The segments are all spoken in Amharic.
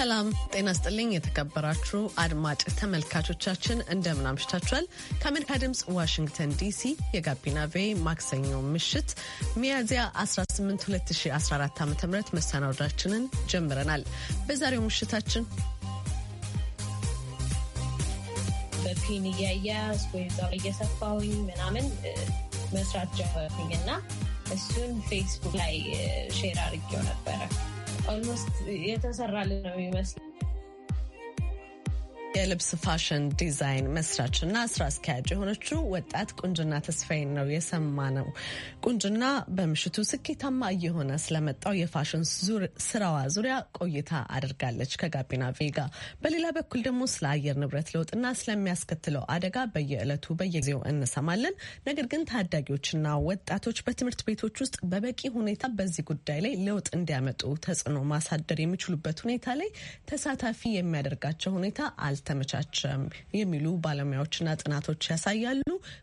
ሰላም ጤና ስጥልኝ። የተከበራችሁ አድማጭ ተመልካቾቻችን እንደምን አምሽታችኋል? ከአሜሪካ ድምፅ ዋሽንግተን ዲሲ የጋቢና ቬ ማክሰኞ ምሽት ሚያዝያ 18 2014 ዓ ም መሰናዶዳችንን ጀምረናል። በዛሬው ምሽታችን በፒን እያያዝ ወይ እየሰፋሁኝ ምናምን መስራት ጀመርኩኝ እና እሱን ፌስቡክ ላይ ሼር አድርጌው ነበረ almost, ya está cerrado la misma. የልብስ ፋሽን ዲዛይን መስራችና ስራ አስኪያጅ የሆነችው ወጣት ቁንጅና ተስፋዬን ነው የሰማ ነው። ቁንጅና በምሽቱ ስኬታማ እየሆነ ስለመጣው የፋሽን ስራዋ ዙሪያ ቆይታ አድርጋለች ከጋቢና ቬጋ። በሌላ በኩል ደግሞ ስለ አየር ንብረት ለውጥና ስለሚያስከትለው አደጋ በየዕለቱ በየጊዜው እንሰማለን። ነገር ግን ታዳጊዎችና ወጣቶች በትምህርት ቤቶች ውስጥ በበቂ ሁኔታ በዚህ ጉዳይ ላይ ለውጥ እንዲያመጡ ተጽዕኖ ማሳደር የሚችሉበት ሁኔታ ላይ ተሳታፊ የሚያደርጋቸው ሁኔታ አልተ አልተመቻቸም የሚሉ ባለሙያዎችና ጥናቶች ያሳያሉ።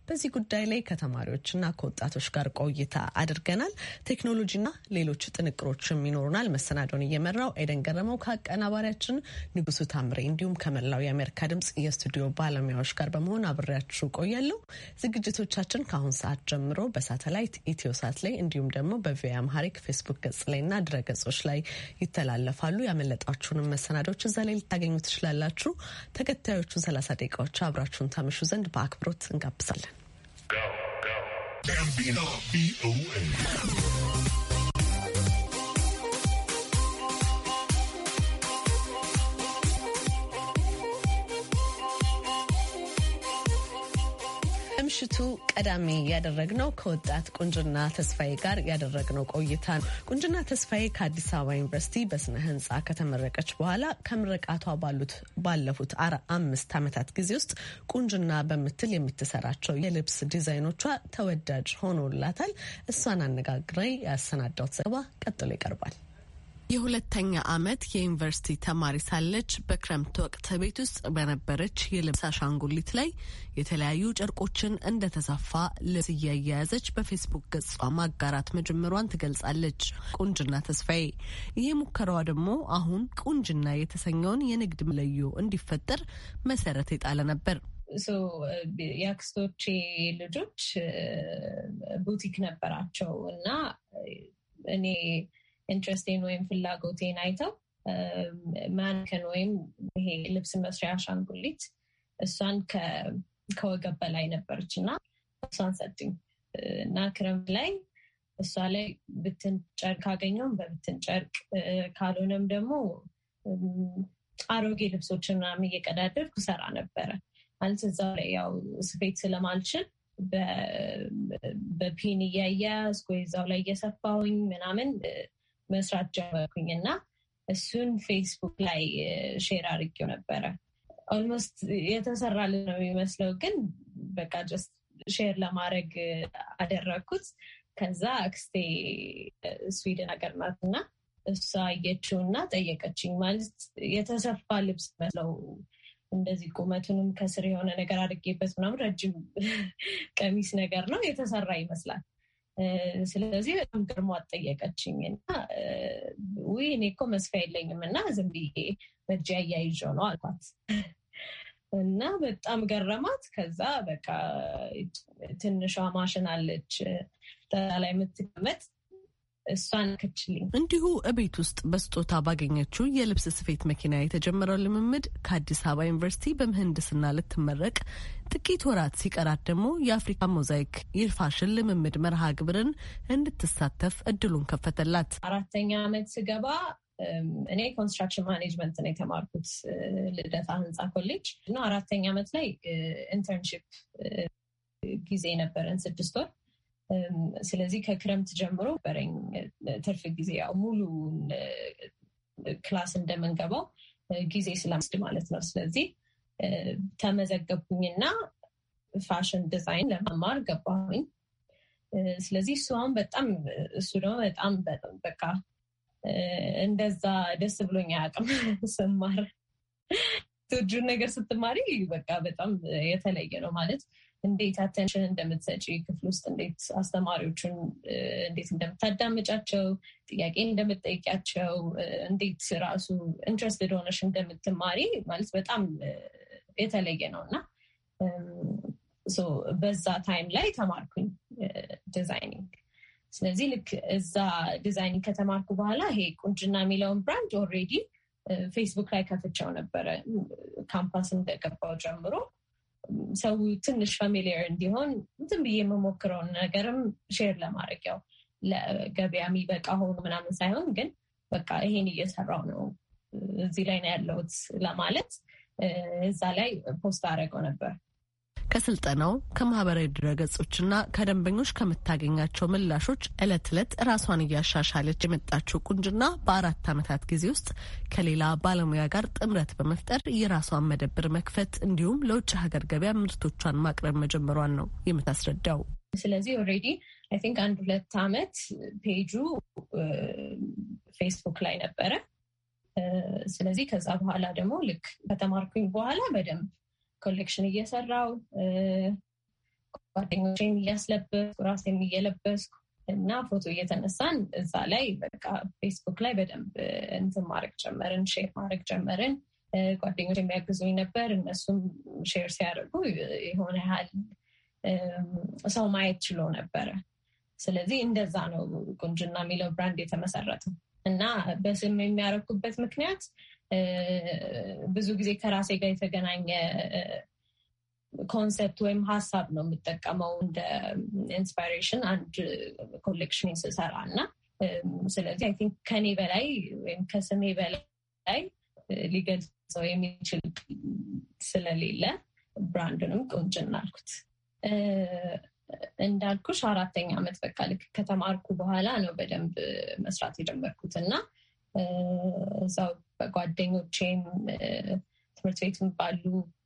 በዚህ ጉዳይ ላይ ከተማሪዎችና ከወጣቶች ጋር ቆይታ አድርገናል። ቴክኖሎጂና ሌሎች ጥንቅሮችም ይኖሩናል። መሰናዶን እየመራው ኤደን ገረመው ከአቀናባሪያችን ንጉሱ ታምሬ እንዲሁም ከመላው የአሜሪካ ድምጽ የስቱዲዮ ባለሙያዎች ጋር በመሆን አብሬያችሁ ቆያለሁ። ዝግጅቶቻችን ከአሁን ሰዓት ጀምሮ በሳተላይት ኢትዮሳት ላይ እንዲሁም ደግሞ በቪኦኤ አምሃሪክ ፌስቡክ ገጽ ላይና ድረ ገጾች ላይ ይተላለፋሉ። ያመለጣችሁንም መሰናዶች እዛ ላይ ልታገኙ ትችላላችሁ። ተከታዮቹ 30 ደቂቃዎች አብራችሁን ታመሹ ዘንድ በአክብሮት እንጋብዛለን። ከምሽቱ ቀዳሚ ያደረግነው ከወጣት ቁንጅና ተስፋዬ ጋር ያደረግነው ቆይታ ነው። ቁንጅና ተስፋዬ ከአዲስ አበባ ዩኒቨርሲቲ በስነ ህንፃ ከተመረቀች በኋላ ከምረቃቷ ባሉት ባለፉት አምስት ዓመታት ጊዜ ውስጥ ቁንጅና በምትል የምትሰራቸው የልብስ ዲዛይኖቿ ተወዳጅ ሆኖላታል። እሷን አነጋግረ ያሰናዳውት ዘገባ ቀጥሎ ይቀርባል። የሁለተኛ ዓመት የዩኒቨርሲቲ ተማሪ ሳለች በክረምት ወቅት ቤት ውስጥ በነበረች የልብስ አሻንጉሊት ላይ የተለያዩ ጨርቆችን እንደተሰፋ ልብስ እያያያዘች በፌስቡክ ገጿ ማጋራት መጀመሯን ትገልጻለች። ቁንጅና ተስፋዬ ይህ ሙከራዋ ደግሞ አሁን ቁንጅና የተሰኘውን የንግድ መለዮ እንዲፈጠር መሰረት የጣለ ነበር። የአክስቶቼ ልጆች ቡቲክ ነበራቸው እና እኔ ኢንትረስቴን ወይም ፍላጎቴን አይተው ማንከን ወይም ይሄ ልብስ መስሪያ አሻንጉሊት እሷን ከወገብ በላይ ነበረች እና እሷን ሰጡኝ እና ክረምት ላይ እሷ ላይ ብትን ጨርቅ ካገኘውም በብትን ጨርቅ ካልሆነም ደግሞ አሮጌ ልብሶችን ምናምን እየቀዳደድኩ ሰራ ነበረ። አንተ እዛው ላይ ያው ስፌት ስለማልችል በፒን እያያዝኩ እዛው ላይ እየሰፋውኝ ምናምን መስራት ጀመርኩኝ እና እሱን ፌስቡክ ላይ ሼር uh, አድርጌው ነበረ። ኦልሞስት የተሰራል ነው የሚመስለው፣ ግን በቃ ጀስት ሼር ለማድረግ አደረግኩት። ከዛ አክስቴ ስዊድን uh, ሀገር ናት እና እሷ አየችው እና ጠየቀችኝ። ማለት የተሰፋ ልብስ መስለው እንደዚህ ቁመቱንም ከስር የሆነ ነገር አድርጌበት ምናምን ረጅም ቀሚስ ነገር ነው የተሰራ ይመስላል ስለዚህ በጣም ገርሞ አጠየቀችኝ እና ውይ እኔ እኮ መስፊያ የለኝም እና ዝም ብዬ በእጅ አያይዤው ነው አልኳት እና በጣም ገረማት። ከዛ በቃ ትንሿ ማሽን አለች ተላ ላይ የምትቀመጥ እሷን ክችልኝ። እንዲሁ እቤት ውስጥ በስጦታ ባገኘችው የልብስ ስፌት መኪና የተጀመረው ልምምድ ከአዲስ አበባ ዩኒቨርሲቲ በምህንድስና ልትመረቅ ጥቂት ወራት ሲቀራት ደግሞ የአፍሪካ ሞዛይክ የፋሽን ልምምድ መርሃ ግብርን እንድትሳተፍ እድሉን ከፈተላት። አራተኛ ዓመት ስገባ እኔ ኮንስትራክሽን ማኔጅመንት ነው የተማርኩት ልደታ ህንፃ ኮሌጅ እና አራተኛ ዓመት ላይ ኢንተርንሺፕ ጊዜ ነበረን ስድስት ወር ስለዚህ ከክረምት ጀምሮ በረኝ ትርፍ ጊዜ ያው ሙሉ ክላስ እንደምንገባው ጊዜ ስለምስድ ማለት ነው። ስለዚህ ተመዘገብኩኝና ፋሽን ዲዛይን ለመማር ገባሁኝ። ስለዚህ እሱ አሁን በጣም እሱ ደግሞ በጣም በቃ እንደዛ ደስ ብሎኝ አያውቅም ስማር ትውጁን ነገር ስትማሪ በቃ በጣም የተለየ ነው ማለት እንዴት አቴንሽን እንደምትሰጪ ክፍል ውስጥ እንዴት አስተማሪዎቹን እንዴት እንደምታዳምጫቸው፣ ጥያቄ እንደምትጠይቂያቸው፣ እንዴት ራሱ ኢንትረስትድ ሆነሽ እንደምትማሪ ማለት በጣም የተለየ ነው እና በዛ ታይም ላይ ተማርኩኝ ዲዛይኒንግ። ስለዚህ ልክ እዛ ዲዛይኒንግ ከተማርኩ በኋላ ይሄ ቁንጅና የሚለውን ብራንድ ኦልሬዲ ፌስቡክ ላይ ከፍቼው ነበረ ካምፓስ እንደገባው ጀምሮ ሰው ትንሽ ፋሚሊየር እንዲሆን ዝም ብዬ የምሞክረውን ነገርም ሼር ለማድረግ ያው ለገበያ የሚበቃ ሆኑ ምናምን ሳይሆን ግን በቃ ይሄን እየሰራው ነው እዚህ ላይ ነው ያለሁት ለማለት እዛ ላይ ፖስት አድረገው ነበር። ከስልጠናው ከማህበራዊ ድረገጾችና ከደንበኞች ከምታገኛቸው ምላሾች እለት እለት ራሷን እያሻሻለች የመጣችው ቁንጅና በአራት አመታት ጊዜ ውስጥ ከሌላ ባለሙያ ጋር ጥምረት በመፍጠር የራሷን መደብር መክፈት እንዲሁም ለውጭ ሀገር ገበያ ምርቶቿን ማቅረብ መጀመሯን ነው የምታስረዳው። ስለዚህ ኦልሬዲ አይ ቲንክ አንድ ሁለት አመት ፔጁ ፌስቡክ ላይ ነበረ። ስለዚህ ከዛ በኋላ ደግሞ ልክ ከተማርኩኝ በኋላ በደንብ ኮሌክሽን እየሰራው ጓደኞቼን እያስለበስኩ ራሴ እየለበስኩ እና ፎቶ እየተነሳን እዛ ላይ በቃ ፌስቡክ ላይ በደንብ እንትን ማድረግ ጀመርን፣ ሼር ማድረግ ጀመርን። ጓደኞች የሚያግዙኝ ነበር። እነሱም ሼር ሲያደርጉ የሆነ ያህል ሰው ማየት ችሎ ነበረ። ስለዚህ እንደዛ ነው ቁንጅና የሚለው ብራንድ የተመሰረተው እና በስም የሚያደርጉበት ምክንያት ብዙ ጊዜ ከራሴ ጋር የተገናኘ ኮንሰፕት ወይም ሀሳብ ነው የምጠቀመው እንደ ኢንስፓይሬሽን አንድ ኮሌክሽን ስሰራ እና ስለዚህ አይ ቲንክ ከኔ በላይ ወይም ከስሜ በላይ ሊገልጸው የሚችል ስለሌለ ብራንድንም ቁንጭና አልኩት። እንዳልኩሽ አራተኛ ዓመት በቃ ልክ ከተማርኩ በኋላ ነው በደንብ መስራት የጀመርኩት እና እዛው በጓደኞቼም ትምህርት ቤት ባሉ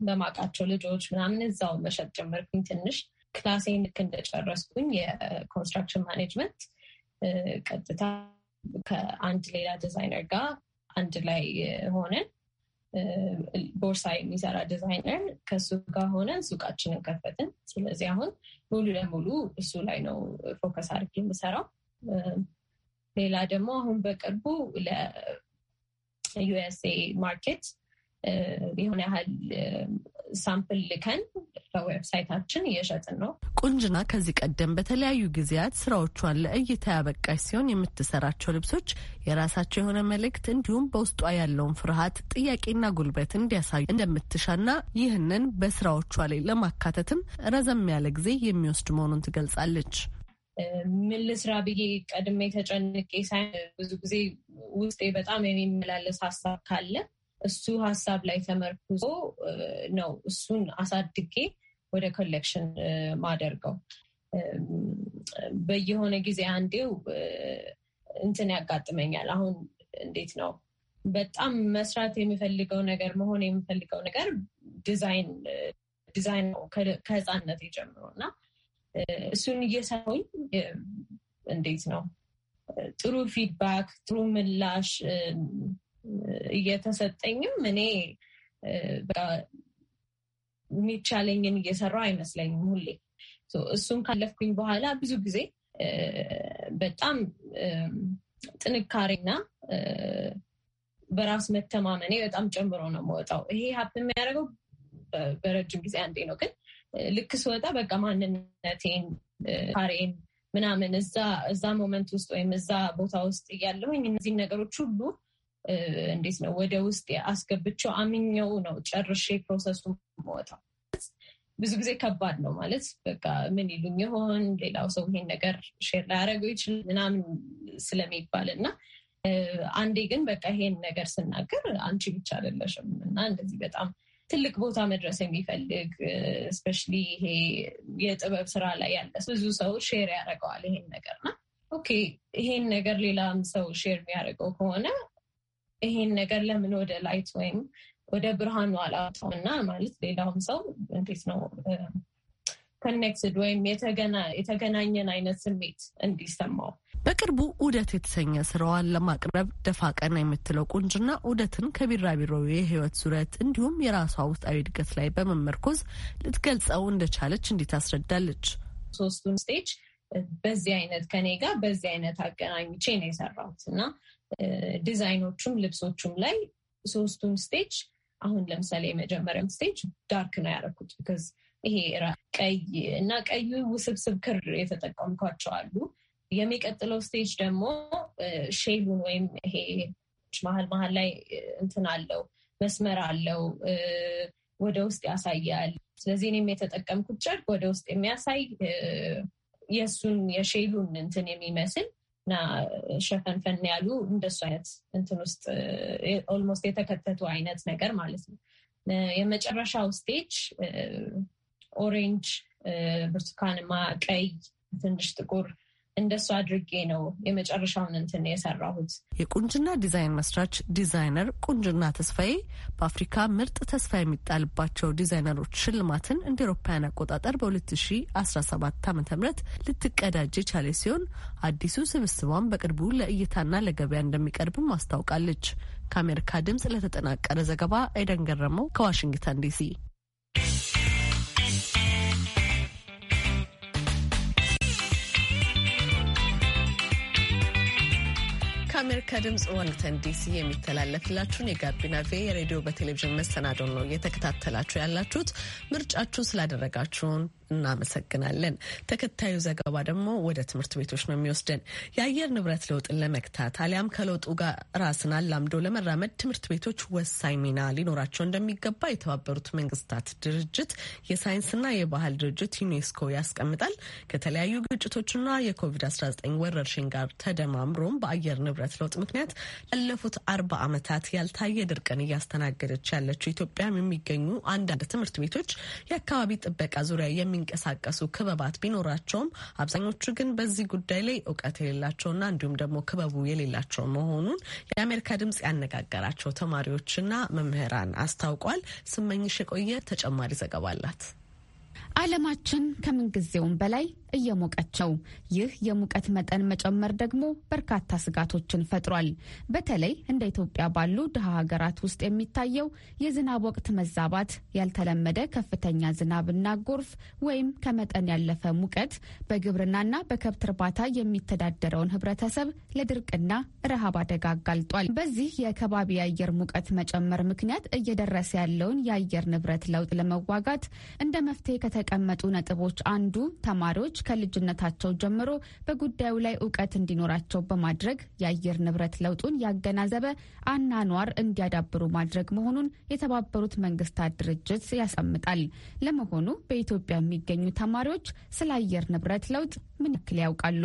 በማውቃቸው ልጆች ምናምን እዛው መሸጥ ጀመርኩኝ። ትንሽ ክላሴን ልክ እንደጨረስኩኝ የኮንስትራክሽን ማኔጅመንት ቀጥታ ከአንድ ሌላ ዲዛይነር ጋር አንድ ላይ ሆነን ቦርሳ የሚሰራ ዲዛይነር ከሱ ጋር ሆነን ሱቃችንን ከፈትን። ስለዚህ አሁን ሙሉ ለሙሉ እሱ ላይ ነው ፎከስ አድርጌ የምሰራው። ሌላ ደግሞ አሁን በቅርቡ ለዩኤስኤ ማርኬት የሆነ ያህል ሳምፕል ልከን በዌብሳይታችን እየሸጥን ነው። ቁንጅና ከዚህ ቀደም በተለያዩ ጊዜያት ስራዎቿን ለእይታ ያበቃች ሲሆን የምትሰራቸው ልብሶች የራሳቸው የሆነ መልእክት እንዲሁም በውስጧ ያለውን ፍርሃት፣ ጥያቄና ጉልበት እንዲያሳዩ እንደምትሻና ይህንን በስራዎቿ ላይ ለማካተትም ረዘም ያለ ጊዜ የሚወስድ መሆኑን ትገልጻለች። ምን ልስራ ብዬ ቀድሜ ተጨንቄ ሳይሆን ብዙ ጊዜ ውስጤ በጣም የሚመላለስ ሀሳብ ካለ እሱ ሀሳብ ላይ ተመርኩዞ ነው እሱን አሳድጌ ወደ ኮሌክሽን ማደርገው። በየሆነ ጊዜ አንዴው እንትን ያጋጥመኛል። አሁን እንዴት ነው በጣም መስራት የሚፈልገው ነገር መሆን የሚፈልገው ነገር ዲዛይን ዲዛይን ነው ከህፃንነት የጀምሮ እና እሱን እየሰሩኝ እንዴት ነው ጥሩ ፊድባክ ጥሩ ምላሽ እየተሰጠኝም እኔ የሚቻለኝን እየሰራው አይመስለኝም ሁሌ እሱን ካለፍኩኝ በኋላ ብዙ ጊዜ በጣም ጥንካሬና በራስ መተማመኔ በጣም ጨምሮ ነው የምወጣው። ይሄ ሀብት የሚያደርገው በረጅም ጊዜ አንዴ ነው፣ ግን ልክ ስወጣ በቃ ማንነቴን ካሬን ምናምን እዛ እዛ ሞመንት ውስጥ ወይም እዛ ቦታ ውስጥ እያለሁኝ እነዚህን ነገሮች ሁሉ እንዴት ነው ወደ ውስጥ አስገብቸው አምኘው ነው ጨርሼ ፕሮሰሱ መወጣው። ብዙ ጊዜ ከባድ ነው ማለት በቃ ምን ይሉኝ ይሆን ሌላው ሰው ይሄን ነገር ሼር ላያደረገው ይችል ምናምን ስለሚባል እና አንዴ ግን በቃ ይሄን ነገር ስናገር አንቺ ብቻ አይደለሽም እና እንደዚህ በጣም ትልቅ ቦታ መድረስ የሚፈልግ እስፔሻሊ ይሄ የጥበብ ስራ ላይ ያለ ብዙ ሰው ሼር ያደርገዋል ይሄን ና ኦኬ ይሄን ነገር ሌላም ሰው ሼር የሚያደርገው ከሆነ ይሄን ነገር ለምን ወደ ላይት ወይም ወደ ብርሃኑ አላወጣውም እና ማለት ሌላውም ሰው እንዴት ነው ኮኔክትድ um, ወይም የተገናኘን አይነት ስሜት እንዲሰማው በቅርቡ ውደት የተሰኘ ስራዋን ለማቅረብ ደፋ ቀና የምትለው ቁንጅና ውደትን ከቢራቢሮ የህይወት ዙረት እንዲሁም የራሷ ውስጣዊ እድገት ላይ በመመርኮዝ ልትገልጸው እንደቻለች እንዴት አስረዳለች። ሶስቱን ስቴጅ በዚህ አይነት ከኔ ጋር በዚህ አይነት አገናኝቼ ነው የሰራሁት እና ዲዛይኖቹም ልብሶቹም ላይ ሶስቱን ስቴጅ አሁን ለምሳሌ የመጀመሪያውን ስቴጅ ዳርክ ነው ያደረኩት። ይሄ ቀይ እና ቀዩ ውስብስብ ክር የተጠቀምኳቸው አሉ የሚቀጥለው ስቴጅ ደግሞ ሼቡን ወይም ይሄ መሀል መሀል ላይ እንትን አለው መስመር አለው ወደ ውስጥ ያሳያል። ስለዚህ እኔም የተጠቀምኩት ጨርቅ ወደ ውስጥ የሚያሳይ የእሱን የሼሉን እንትን የሚመስል እና ሸፈንፈን ያሉ እንደሱ አይነት እንትን ውስጥ ኦልሞስት የተከተቱ አይነት ነገር ማለት ነው። የመጨረሻው ስቴጅ ኦሬንጅ፣ ብርቱካንማ፣ ቀይ፣ ትንሽ ጥቁር እንደሱ አድርጌ ነው የመጨረሻውን እንትን የሰራሁት። የቁንጅና ዲዛይን መስራች ዲዛይነር ቁንጅና ተስፋዬ በአፍሪካ ምርጥ ተስፋ የሚጣልባቸው ዲዛይነሮች ሽልማትን እንደ ኤሮፓያን አቆጣጠር በ2017 ዓ ም ልትቀዳጅ የቻለ ሲሆን አዲሱ ስብስቧን በቅርቡ ለእይታና ለገበያ እንደሚቀርብም አስታውቃለች። ከአሜሪካ ድምጽ ለተጠናቀረ ዘገባ ኤደን ገረመው ከዋሽንግተን ዲሲ ከአሜሪካ ድምፅ ዋሽንግተን ዲሲ የሚተላለፍላችሁን የጋቢና ቪ የሬዲዮ በቴሌቪዥን መሰናዶን ነው እየተከታተላችሁ ያላችሁት። ምርጫችሁ ስላደረጋችሁን እናመሰግናለን። ተከታዩ ዘገባ ደግሞ ወደ ትምህርት ቤቶች ነው የሚወስደን። የአየር ንብረት ለውጥን ለመግታት አሊያም ከለውጡ ጋር ራስን አላምዶ ለመራመድ ትምህርት ቤቶች ወሳኝ ሚና ሊኖራቸው እንደሚገባ የተባበሩት መንግስታት ድርጅት የሳይንስና የባህል ድርጅት ዩኔስኮ ያስቀምጣል። ከተለያዩ ግጭቶችና የኮቪድ-19 ወረርሽኝ ጋር ተደማምሮም በአየር ንብረት ለውጥ ምክንያት ላለፉት አርባ ዓመታት ያልታየ ድርቅን እያስተናገደች ያለችው ኢትዮጵያም የሚገኙ አንዳንድ ትምህርት ቤቶች የአካባቢ ጥበቃ ዙሪያ የሚ የሚንቀሳቀሱ ክበባት ቢኖራቸውም አብዛኞቹ ግን በዚህ ጉዳይ ላይ እውቀት የሌላቸውና እንዲሁም ደግሞ ክበቡ የሌላቸው መሆኑን የአሜሪካ ድምጽ ያነጋገራቸው ተማሪዎችና መምህራን አስታውቋል። ስመኝሽ የቆየ ተጨማሪ ዘገባ አላት። ዓለማችን ከምንጊዜውም በላይ እየሞቀቸው ይህ የሙቀት መጠን መጨመር ደግሞ በርካታ ስጋቶችን ፈጥሯል። በተለይ እንደ ኢትዮጵያ ባሉ ድሀ ሀገራት ውስጥ የሚታየው የዝናብ ወቅት መዛባት፣ ያልተለመደ ከፍተኛ ዝናብና ጎርፍ ወይም ከመጠን ያለፈ ሙቀት በግብርናና በከብት እርባታ የሚተዳደረውን ህብረተሰብ ለድርቅና ረሃብ አደጋ አጋልጧል። በዚህ የከባቢ የአየር ሙቀት መጨመር ምክንያት እየደረሰ ያለውን የአየር ንብረት ለውጥ ለመዋጋት እንደ መፍትሄ ከተቀመጡ ነጥቦች አንዱ ተማሪዎች ከልጅነታቸው ጀምሮ በጉዳዩ ላይ እውቀት እንዲኖራቸው በማድረግ የአየር ንብረት ለውጡን ያገናዘበ አናኗር እንዲያዳብሩ ማድረግ መሆኑን የተባበሩት መንግስታት ድርጅት ያሳምጣል። ለመሆኑ በኢትዮጵያ የሚገኙ ተማሪዎች ስለ አየር ንብረት ለውጥ ምን ያክል ያውቃሉ?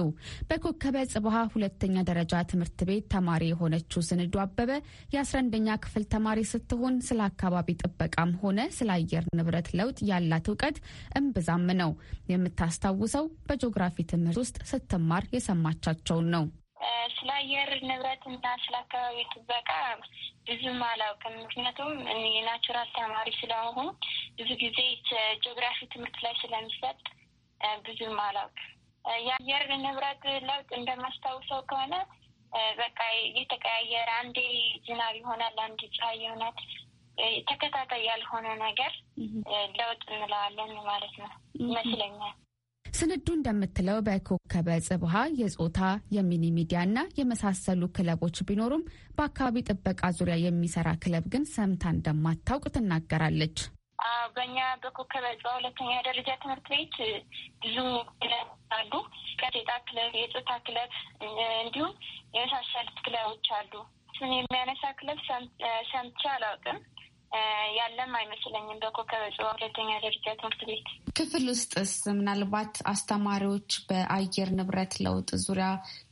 በኮከበ ጽብሃ ሁለተኛ ደረጃ ትምህርት ቤት ተማሪ የሆነችው ስንዱ አበበ የ11ኛ ክፍል ተማሪ ስትሆን ስለ አካባቢ ጥበቃም ሆነ ስለ አየር ንብረት ለውጥ ያላት እውቀት እምብዛም ነው። የምታስታውሰው በጂኦግራፊ ትምህርት ውስጥ ስትማር የሰማቻቸውን ነው። ስለ አየር ንብረትና ስለ አካባቢ ጥበቃ ብዙም አላውቅም። ምክንያቱም የናቹራል ተማሪ ስለሆኑ ብዙ ጊዜ ጂኦግራፊ ትምህርት ላይ ስለሚሰጥ ብዙም አላውቅም። የአየር ንብረት ለውጥ እንደማስታውሰው ከሆነ በቃ የተቀያየረ አንዴ ዝናብ ይሆናል፣ አንዴ ፀሐይ ይሆናል። ተከታታይ ያልሆነ ነገር ለውጥ እንለዋለን ማለት ነው ይመስለኛል። ስንዱ እንደምትለው በኮከበ ጽብሃ የጾታ የሚኒ ሚዲያና የመሳሰሉ ክለቦች ቢኖሩም በአካባቢ ጥበቃ ዙሪያ የሚሰራ ክለብ ግን ሰምታ እንደማታውቅ ትናገራለች። በእኛ በኮከበ ጽ ሁለተኛ ደረጃ ትምህርት ቤት ብዙ ክለብ አሉ። ጋዜጣ ክለብ፣ የጾታ ክለብ እንዲሁም የመሳሰሉት ክለቦች አሉ። ስም የሚያነሳ ክለብ ሰምቼ አላውቅም። ያለም አይመስለኝም። በኮከበ ጽዋ ሁለተኛ ደረጃ ትምህርት ቤት ክፍል ውስጥስ ምናልባት አስተማሪዎች በአየር ንብረት ለውጥ ዙሪያ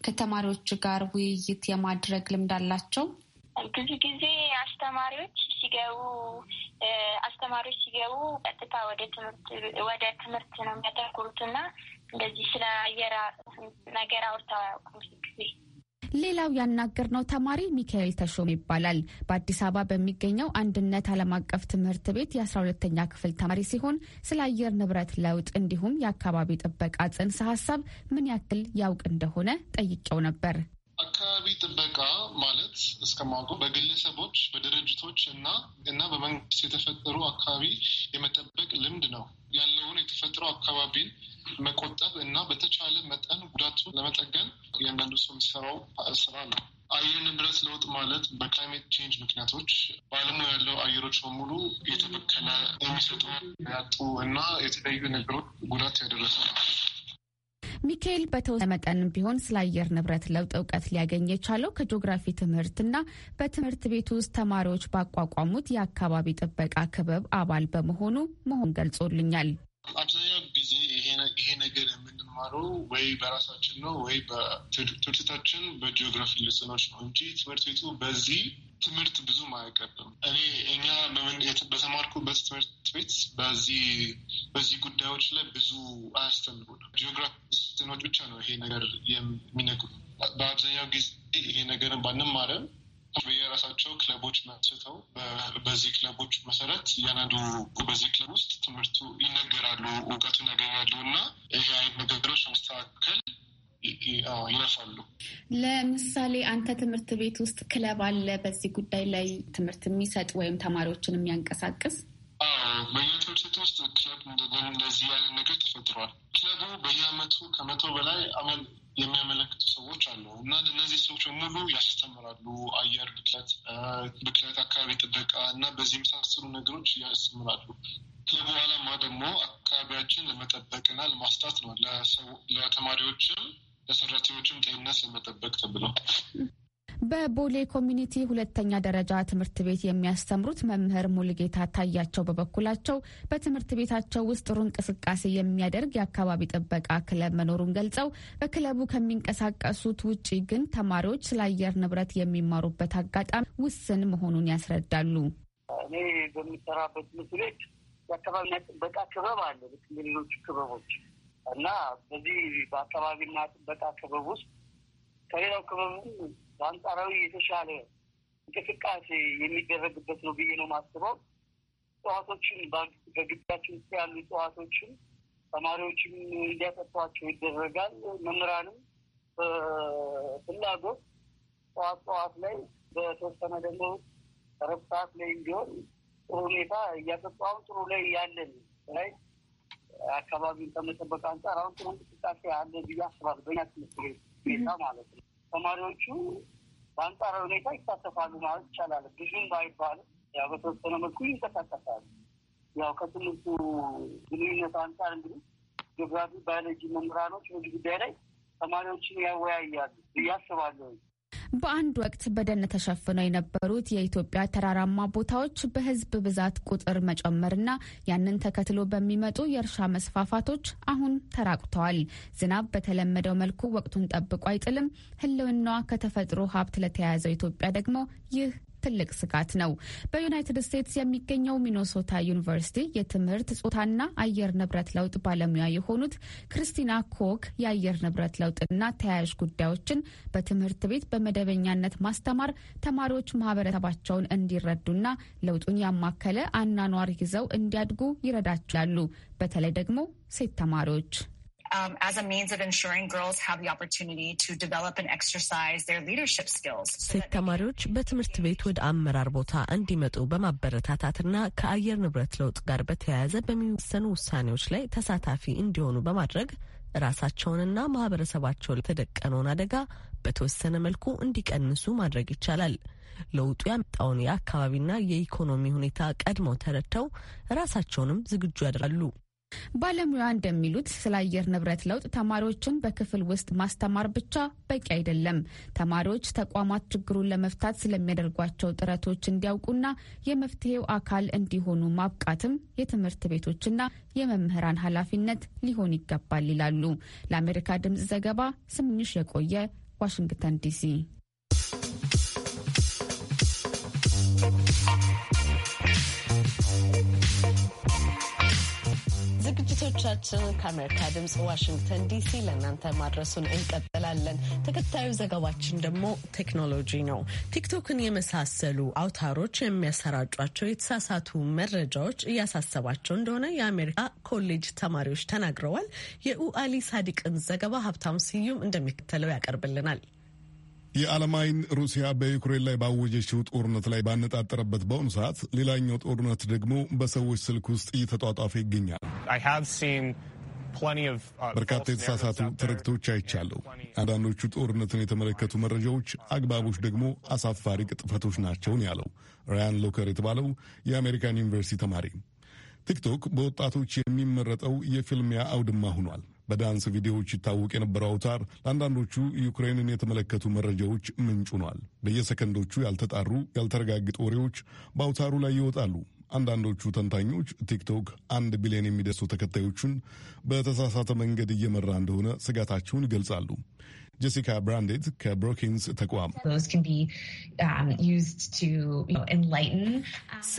ከተማሪዎች ጋር ውይይት የማድረግ ልምድ አላቸው? ብዙ ጊዜ አስተማሪዎች ሲገቡ አስተማሪዎች ሲገቡ ቀጥታ ወደ ትምህርት ወደ ትምህርት ነው የሚያተኩሩት እና እንደዚህ ስለ አየር ነገር አውርተው አያውቁም ጊዜ ሌላው ያናገርነው ተማሪ ሚካኤል ተሾም ይባላል። በአዲስ አበባ በሚገኘው አንድነት ዓለም አቀፍ ትምህርት ቤት የአስራ ሁለተኛ ክፍል ተማሪ ሲሆን ስለ አየር ንብረት ለውጥ እንዲሁም የአካባቢ ጥበቃ ጽንሰ ሀሳብ ምን ያክል ያውቅ እንደሆነ ጠይቄው ነበር። አካባቢ ጥበቃ ማለት እስከማውቀው በግለሰቦች በድርጅቶች እና እና በመንግስት የተፈጠሩ አካባቢ የመጠበቅ ልምድ ነው። ያለውን የተፈጥሮ አካባቢን መቆጠብ እና በተቻለ መጠን ጉዳቱን ለመጠገን እያንዳንዱ ሰው የሚሰራው ስራ ነው። አየር ንብረት ለውጥ ማለት በክላይሜት ቼንጅ ምክንያቶች በአለሙ ያለው አየሮች በሙሉ የተበከለ የሚሰጡ ያጡ እና የተለያዩ ነገሮች ጉዳት ያደረሰ ነው። ሚካኤል በተወሰነ መጠንም ቢሆን ስለ አየር ንብረት ለውጥ እውቀት ሊያገኝ የቻለው ከጂኦግራፊ ትምህርትና በትምህርት ቤት ውስጥ ተማሪዎች ባቋቋሙት የአካባቢ ጥበቃ ክበብ አባል በመሆኑ መሆን ገልጾልኛል። አብዛኛው ጊዜ ይሄ ነገር የምንማረው ወይ በራሳችን ነው ወይ በትምህርት በጂኦግራፊ ልስኖች ነው እንጂ ትምህርት ቤቱ በዚህ ትምህርት ብዙም አያቀርብም። እኔ እኛ በተማርኩበት ትምህርት ቤት በዚህ በዚህ ጉዳዮች ላይ ብዙ አያስተምሩ ነው። ጂኦግራፊ ስትኖች ብቻ ነው ይሄ ነገር የሚነግሩ። በአብዛኛው ጊዜ ይሄ ነገርን ባንማረም የራሳቸው ክለቦች መስተው በዚህ ክለቦች መሰረት ያንዱ በዚህ ክለብ ውስጥ ትምህርቱ ይነገራሉ፣ እውቀቱን ያገኛሉ እና ይሄ አይነት ነገሮች መስተካከል ይነሳሉ። ለምሳሌ አንተ ትምህርት ቤት ውስጥ ክለብ አለ፣ በዚህ ጉዳይ ላይ ትምህርት የሚሰጥ ወይም ተማሪዎችን የሚያንቀሳቅስ ትምህርት ቤት ውስጥ ክለብ እንደዚህ ያለ ነገር ተፈጥሯል። ክለቡ በየአመቱ ከመቶ በላይ አመል የሚያመለክቱ ሰዎች አሉ እና እነዚህ ሰዎች በሙሉ ያስተምራሉ። አየር ብክለት፣ ብክለት፣ አካባቢ ጥበቃ እና በዚህ የመሳሰሉ ነገሮች ያስተምራሉ። ክለቡ ዓላማ ደግሞ አካባቢያችን ለመጠበቅና ለማስታት ነው። ለተማሪዎችም ለሰራተኞችም ጤንነት ለመጠበቅ ተብለው በቦሌ ኮሚኒቲ ሁለተኛ ደረጃ ትምህርት ቤት የሚያስተምሩት መምህር ሙልጌታ ታያቸው በበኩላቸው በትምህርት ቤታቸው ውስጥ ጥሩ እንቅስቃሴ የሚያደርግ የአካባቢ ጥበቃ ክለብ መኖሩን ገልጸው በክለቡ ከሚንቀሳቀሱት ውጪ ግን ተማሪዎች ስለ አየር ንብረት የሚማሩበት አጋጣሚ ውስን መሆኑን ያስረዳሉ። እኔ በሚሰራበት ትምህርት ቤት ጥበቃ ክበብ አለ። ሌሎች ክበቦች እና በዚህ በአካባቢና ጥበቃ ክበብ ውስጥ ከሌላው ክበብም በአንጻራዊ የተሻለ እንቅስቃሴ የሚደረግበት ነው ብዬ ነው ማስበው። እጽዋቶችን በግቢያችን ውስጥ ያሉ እጽዋቶችን ተማሪዎችም እንዲያጠጧቸው ይደረጋል። መምህራንም በፍላጎት ጠዋት ጠዋት ላይ በተወሰነ ደግሞ ረብ ሰዓት ላይ እንዲሆን ጥሩ ሁኔታ እያጠጡ ጥሩ ላይ ያለን ላይ አካባቢን ከመጠበቅ አንጻር አሁን ጥሩ እንቅስቃሴ አለ ብዬ አስባለሁ። በኛ ትምህርት ቤት ሁኔታ ማለት ነው። ተማሪዎቹ በአንጻራዊ ሁኔታ ይሳተፋሉ ማለት ይቻላል። ብዙም ባይባልም ያው በተወሰነ መልኩ ይንቀሳቀሳሉ። ያው ከትምህርቱ ግንኙነት አንጻር እንግዲህ ጂኦግራፊ፣ ባዮሎጂ መምህራኖች በዚህ ጉዳይ ላይ ተማሪዎችን ያወያያሉ ብዬ አስባለሁ። በአንድ ወቅት በደን ተሸፍነው የነበሩት የኢትዮጵያ ተራራማ ቦታዎች በሕዝብ ብዛት ቁጥር መጨመርና ያንን ተከትሎ በሚመጡ የእርሻ መስፋፋቶች አሁን ተራቁተዋል። ዝናብ በተለመደው መልኩ ወቅቱን ጠብቆ አይጥልም። ሕልውናዋ ከተፈጥሮ ሀብት ለተያያዘው ኢትዮጵያ ደግሞ ይህ ትልቅ ስጋት ነው። በዩናይትድ ስቴትስ የሚገኘው ሚኖሶታ ዩኒቨርሲቲ የትምህርት ጾታና አየር ንብረት ለውጥ ባለሙያ የሆኑት ክርስቲና ኮክ የአየር ንብረት ለውጥና ተያያዥ ጉዳዮችን በትምህርት ቤት በመደበኛነት ማስተማር ተማሪዎች ማህበረሰባቸውን እንዲረዱና ለውጡን ያማከለ አናኗር ይዘው እንዲያድጉ ይረዳችላሉ። በተለይ ደግሞ ሴት ተማሪዎች um, as a means of ensuring girls have the opportunity to develop and exercise their leadership skills. ሴት ተማሪዎች በትምህርት ቤት ወደ አመራር ቦታ እንዲመጡ በማበረታታትና ከአየር ንብረት ለውጥ ጋር በተያያዘ በሚወሰኑ ውሳኔዎች ላይ ተሳታፊ እንዲሆኑ በማድረግ ራሳቸውንና ማህበረሰባቸውን የተደቀነውን አደጋ በተወሰነ መልኩ እንዲቀንሱ ማድረግ ይቻላል። ለውጡ ያመጣውን የአካባቢና የኢኮኖሚ ሁኔታ ቀድመው ተረድተው ራሳቸውንም ዝግጁ ያደርጋሉ። ባለሙያ እንደሚሉት ስለ አየር ንብረት ለውጥ ተማሪዎችን በክፍል ውስጥ ማስተማር ብቻ በቂ አይደለም። ተማሪዎች ተቋማት ችግሩን ለመፍታት ስለሚያደርጓቸው ጥረቶች እንዲያውቁና የመፍትሄው አካል እንዲሆኑ ማብቃትም የትምህርት ቤቶችና የመምህራን ኃላፊነት ሊሆን ይገባል ይላሉ። ለአሜሪካ ድምጽ ዘገባ ስምንሽ የቆየ ዋሽንግተን ዲሲ ዝግጅቶቻችንን ከአሜሪካ ድምፅ ዋሽንግተን ዲሲ ለእናንተ ማድረሱን እንቀጥላለን። ተከታዩ ዘገባችን ደግሞ ቴክኖሎጂ ነው። ቲክቶክን የመሳሰሉ አውታሮች የሚያሰራጯቸው የተሳሳቱ መረጃዎች እያሳሰባቸው እንደሆነ የአሜሪካ ኮሌጅ ተማሪዎች ተናግረዋል። የኡአሊ ሳዲቅን ዘገባ ሀብታሙ ስዩም እንደሚከተለው ያቀርብልናል። የዓለማይን ሩሲያ በዩክሬን ላይ ባወጀችው ጦርነት ላይ ባነጣጠረበት በአሁኑ ሰዓት ሌላኛው ጦርነት ደግሞ በሰዎች ስልክ ውስጥ እየተጧጧፈ ይገኛል። uh, በርካታ የተሳሳቱ ትርክቶች አይቻለሁ። አንዳንዶቹ ጦርነትን የተመለከቱ መረጃዎች፣ አግባቦች ደግሞ አሳፋሪ ቅጥፈቶች ናቸውን ያለው ራያን ሎከር የተባለው የአሜሪካን ዩኒቨርሲቲ ተማሪ ቲክቶክ በወጣቶች የሚመረጠው የፊልሚያ አውድማ ሆኗል። በዳንስ ቪዲዮዎች ይታወቅ የነበረው አውታር ለአንዳንዶቹ ዩክሬንን የተመለከቱ መረጃዎች ምንጭ ሆኗል። በየሰከንዶቹ ያልተጣሩ ያልተረጋገጡ ወሬዎች በአውታሩ ላይ ይወጣሉ። አንዳንዶቹ ተንታኞች ቲክቶክ አንድ ቢሊዮን የሚደርሱ ተከታዮቹን በተሳሳተ መንገድ እየመራ እንደሆነ ስጋታቸውን ይገልጻሉ። ጀሲካ ብራንዴት ከብሮኪንስ ተቋም um, uh,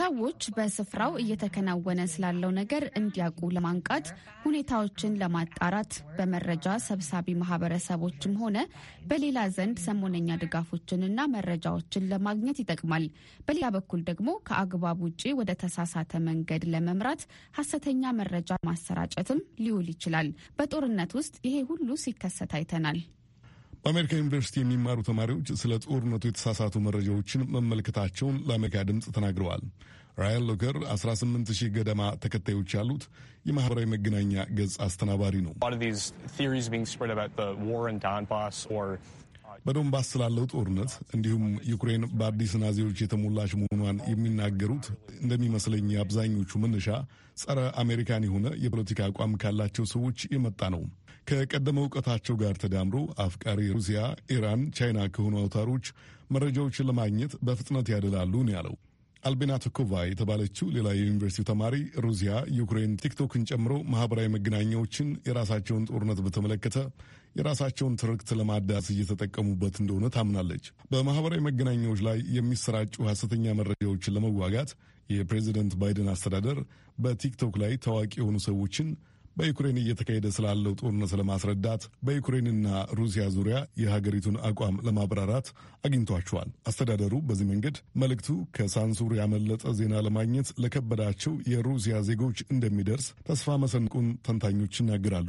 ሰዎች በስፍራው እየተከናወነ ስላለው ነገር እንዲያውቁ ለማንቃት ሁኔታዎችን ለማጣራት በመረጃ ሰብሳቢ ማህበረሰቦችም ሆነ በሌላ ዘንድ ሰሞነኛ ድጋፎችንና መረጃዎችን ለማግኘት ይጠቅማል። በሌላ በኩል ደግሞ ከአግባብ ውጪ ወደ ተሳሳተ መንገድ ለመምራት ሀሰተኛ መረጃ ማሰራጨትም ሊውል ይችላል። በጦርነት ውስጥ ይሄ ሁሉ ሲከሰት አይተናል። በአሜሪካ ዩኒቨርሲቲ የሚማሩ ተማሪዎች ስለ ጦርነቱ የተሳሳቱ መረጃዎችን መመልከታቸውን ለአሜሪካ ድምፅ ተናግረዋል። ራያን ሎከር 18 ሺህ ገደማ ተከታዮች ያሉት የማህበራዊ መገናኛ ገጽ አስተናባሪ ነው። uh, በዶንባስ ስላለው ጦርነት እንዲሁም ዩክሬን በአዲስ ናዚዎች የተሞላች መሆኗን የሚናገሩት እንደሚመስለኝ የአብዛኞቹ መነሻ ጸረ አሜሪካን የሆነ የፖለቲካ አቋም ካላቸው ሰዎች የመጣ ነው። ከቀደመ እውቀታቸው ጋር ተዳምሮ አፍቃሪ ሩሲያ፣ ኢራን፣ ቻይና ከሆኑ አውታሮች መረጃዎችን ለማግኘት በፍጥነት ያደላሉ ነው ያለው። አልቤና ተኮቫ የተባለችው ሌላ የዩኒቨርሲቲ ተማሪ ሩሲያ ዩክሬን ቲክቶክን ጨምሮ ማህበራዊ መገናኛዎችን የራሳቸውን ጦርነት በተመለከተ የራሳቸውን ትርክት ለማዳስ እየተጠቀሙበት እንደሆነ ታምናለች። በማህበራዊ መገናኛዎች ላይ የሚሰራጩ ሐሰተኛ መረጃዎችን ለመዋጋት የፕሬዚደንት ባይደን አስተዳደር በቲክቶክ ላይ ታዋቂ የሆኑ ሰዎችን በዩክሬን እየተካሄደ ስላለው ጦርነት ለማስረዳት በዩክሬንና ሩሲያ ዙሪያ የሀገሪቱን አቋም ለማብራራት አግኝቷቸዋል። አስተዳደሩ በዚህ መንገድ መልእክቱ ከሳንሱር ያመለጠ ዜና ለማግኘት ለከበዳቸው የሩሲያ ዜጎች እንደሚደርስ ተስፋ መሰንቁን ተንታኞች ይናገራሉ።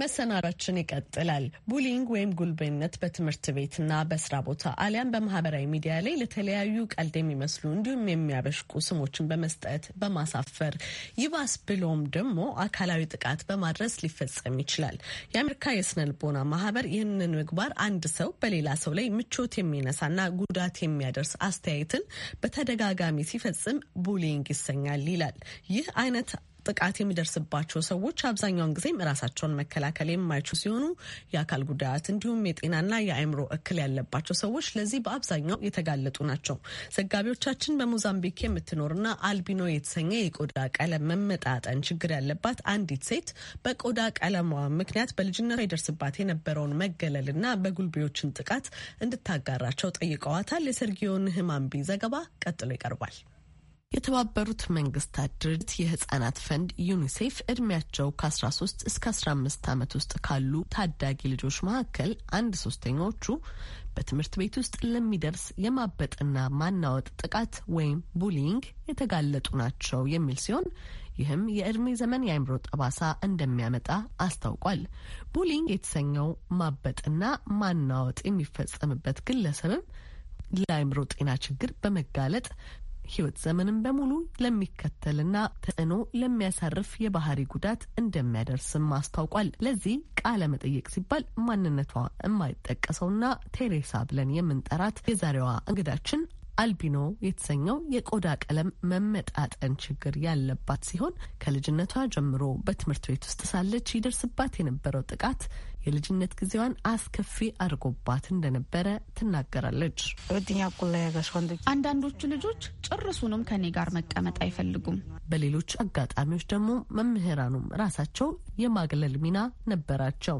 መሰናዷችን ይቀጥላል። ቡሊንግ ወይም ጉልበኝነት በትምህርት ቤትና በስራ ቦታ አሊያም በማህበራዊ ሚዲያ ላይ ለተለያዩ ቀልድ የሚመስሉ እንዲሁም የሚያበሽቁ ስሞችን በመስጠት በማሳፈር ይባስ ብሎም ደግሞ አካላዊ ጥቃት በማድረስ ሊፈጸም ይችላል። የአሜሪካ የስነልቦና ማህበር ይህንን ምግባር አንድ ሰው በሌላ ሰው ላይ ምቾት የሚነሳና ጉዳት የሚያደርስ አስተያየትን በተደጋጋሚ ሲፈጽም ቡሊንግ ይሰኛል ይላል። ይህ አይነት ጥቃት የሚደርስባቸው ሰዎች አብዛኛውን ጊዜም ራሳቸውን መከላከል የማይችሉ ሲሆኑ የአካል ጉዳያት እንዲሁም የጤናና የአእምሮ እክል ያለባቸው ሰዎች ለዚህ በአብዛኛው የተጋለጡ ናቸው። ዘጋቢዎቻችን በሞዛምቢክ የምትኖርና አልቢኖ የተሰኘ የቆዳ ቀለም መመጣጠን ችግር ያለባት አንዲት ሴት በቆዳ ቀለሟ ምክንያት በልጅነቷ ይደርስባት የነበረውን መገለልና በጉልቤዎችን ጥቃት እንድታጋራቸው ጠይቀዋታል። የሰርጊዮን ህማምቢ ዘገባ ቀጥሎ ይቀርባል። የተባበሩት መንግስታት ድርጅት የህጻናት ፈንድ ዩኒሴፍ እድሜያቸው ከ13 እስከ 15 ዓመት ውስጥ ካሉ ታዳጊ ልጆች መካከል አንድ ሶስተኛዎቹ በትምህርት ቤት ውስጥ ለሚደርስ የማበጥና ማናወጥ ጥቃት ወይም ቡሊንግ የተጋለጡ ናቸው የሚል ሲሆን ይህም የእድሜ ዘመን የአእምሮ ጠባሳ እንደሚያመጣ አስታውቋል። ቡሊንግ የተሰኘው ማበጥና ማናወጥ የሚፈጸምበት ግለሰብም ለአእምሮ ጤና ችግር በመጋለጥ ህይወት ዘመንን በሙሉ ለሚከተልና ተጽዕኖ ለሚያሳርፍ የባህሪ ጉዳት እንደሚያደርስም አስታውቋል። ለዚህ ቃለ መጠየቅ ሲባል ማንነቷ የማይጠቀሰውና ቴሬሳ ብለን የምንጠራት የዛሬዋ እንግዳችን አልቢኖ የተሰኘው የቆዳ ቀለም መመጣጠን ችግር ያለባት ሲሆን ከልጅነቷ ጀምሮ በትምህርት ቤት ውስጥ ሳለች ይደርስባት የነበረው ጥቃት የልጅነት ጊዜዋን አስከፊ አድርጎባት እንደነበረ ትናገራለች። አንዳንዶቹ ልጆች ጭርሱንም ከኔ ጋር መቀመጥ አይፈልጉም። በሌሎች አጋጣሚዎች ደግሞ መምህራኑም ራሳቸው የማግለል ሚና ነበራቸው።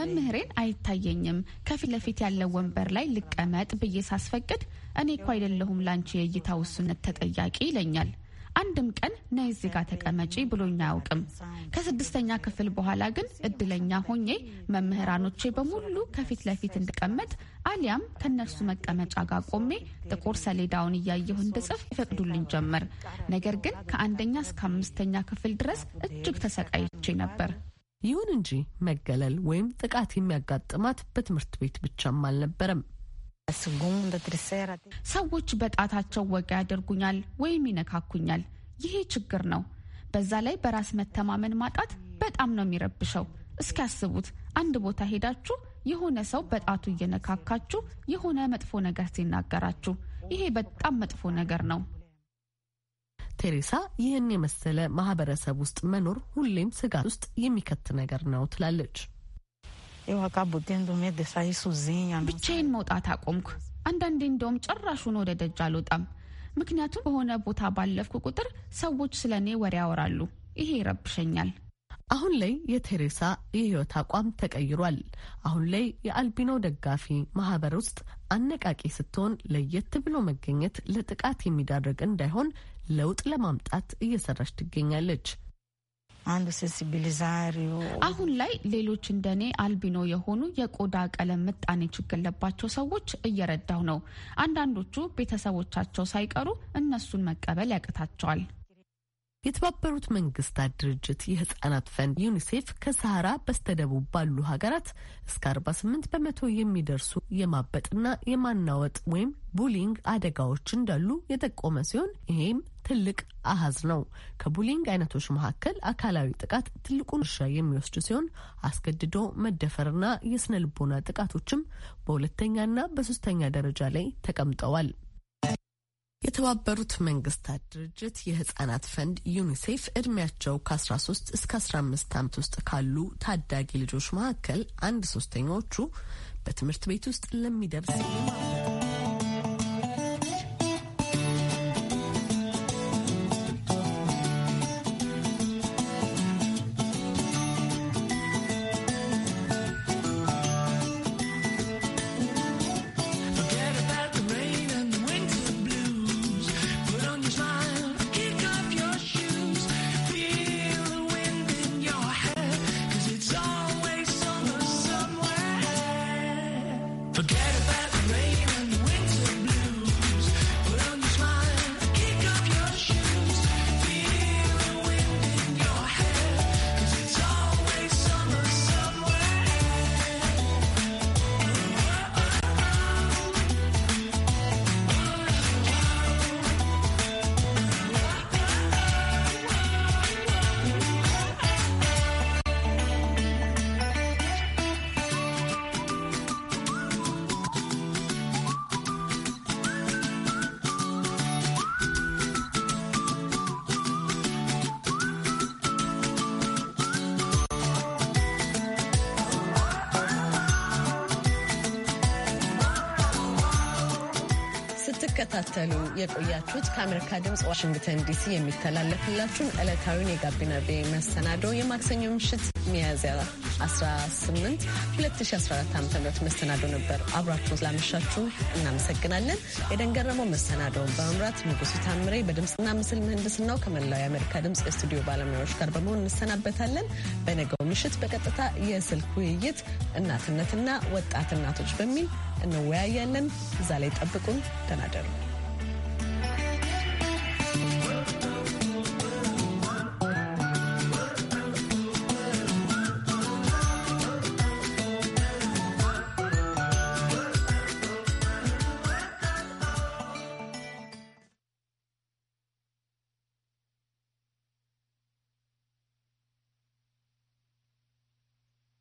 መምህሬን አይታየኝም። ከፊት ለፊት ያለው ወንበር ላይ ልቀመጥ ብዬ ሳስፈቅድ እኔ እኮ አይደለሁም ላንቺ የእይታ ውሱነት ተጠያቂ ይለኛል። አንድም ቀን ነይ እዚህ ጋር ተቀመጪ ብሎኝ አያውቅም። ከስድስተኛ ክፍል በኋላ ግን እድለኛ ሆኜ መምህራኖቼ በሙሉ ከፊት ለፊት እንድቀመጥ አሊያም ከእነርሱ መቀመጫ ጋር ቆሜ ጥቁር ሰሌዳውን እያየሁ እንድጽፍ ይፈቅዱልኝ ጀመር። ነገር ግን ከአንደኛ እስከ አምስተኛ ክፍል ድረስ እጅግ ተሰቃይቼ ነበር። ይሁን እንጂ መገለል ወይም ጥቃት የሚያጋጥማት በትምህርት ቤት ብቻም አልነበረም። ሰዎች በጣታቸው ወጋ ያደርጉኛል ወይም ይነካኩኛል። ይሄ ችግር ነው። በዛ ላይ በራስ መተማመን ማጣት በጣም ነው የሚረብሸው። እስኪ ያስቡት አንድ ቦታ ሄዳችሁ የሆነ ሰው በጣቱ እየነካካችሁ የሆነ መጥፎ ነገር ሲናገራችሁ፣ ይሄ በጣም መጥፎ ነገር ነው። ቴሬሳ ይህን የመሰለ ማህበረሰብ ውስጥ መኖር ሁሌም ስጋት ውስጥ የሚከት ነገር ነው ትላለች። ብቻዬን መውጣት አቆምኩ። አንዳንዴ እንደውም ጭራሹን ወደ ደጅ አልወጣም። ምክንያቱም በሆነ ቦታ ባለፍኩ ቁጥር ሰዎች ስለ እኔ ወሬ ያወራሉ። ይሄ ይረብሸኛል። አሁን ላይ የቴሬሳ የህይወት አቋም ተቀይሯል። አሁን ላይ የአልቢኖ ደጋፊ ማህበር ውስጥ አነቃቂ ስትሆን ለየት ብሎ መገኘት ለጥቃት የሚዳረግ እንዳይሆን ለውጥ ለማምጣት እየሰራች ትገኛለች። አንዱ ሴንሲቢሊዛሪው አሁን ላይ ሌሎች እንደኔ አልቢኖ የሆኑ የቆዳ ቀለም ምጣኔ ችግር ለባቸው ሰዎች እየረዳው ነው። አንዳንዶቹ ቤተሰቦቻቸው ሳይቀሩ እነሱን መቀበል ያቅታቸዋል። የተባበሩት መንግስታት ድርጅት የህጻናት ፈንድ ዩኒሴፍ ከሰሃራ በስተደቡብ ባሉ ሀገራት እስከ 48 በመቶ የሚደርሱ የማበጥና የማናወጥ ወይም ቡሊንግ አደጋዎች እንዳሉ የጠቆመ ሲሆን ይሄም ትልቅ አሀዝ ነው። ከቡሊንግ አይነቶች መካከል አካላዊ ጥቃት ትልቁን ድርሻ የሚወስድ ሲሆን አስገድዶ መደፈርና የስነ ልቦና ጥቃቶችም በሁለተኛና በሶስተኛ ደረጃ ላይ ተቀምጠዋል። የተባበሩት መንግስታት ድርጅት የህጻናት ፈንድ ዩኒሴፍ እድሜያቸው ከ13 እስከ 15 ዓመት ውስጥ ካሉ ታዳጊ ልጆች መካከል አንድ ሶስተኛዎቹ በትምህርት ቤት ውስጥ ለሚደርስ ስትከታተሉ የቆያችሁት ከአሜሪካ ድምፅ ዋሽንግተን ዲሲ የሚተላለፍላችሁን ዕለታዊን የጋቢና ቤ መሰናዶ የማክሰኞ ምሽት ሚያዝያ 18 2014 ዓ ም መሰናዶ ነበር። አብራችሁን ስላመሻችሁ እናመሰግናለን። የደንገረመው መሰናዶውን በመምራት ንጉሱ ታምሬ፣ በድምፅና ምስል ምህንድስናው ከመላው የአሜሪካ ድምፅ የስቱዲዮ ባለሙያዎች ጋር በመሆን እንሰናበታለን። በነገው ምሽት በቀጥታ የስልክ ውይይት እናትነትና ወጣት እናቶች በሚል እንወያያለን። እዛ ላይ ጠብቁን። ደህና ደሩ።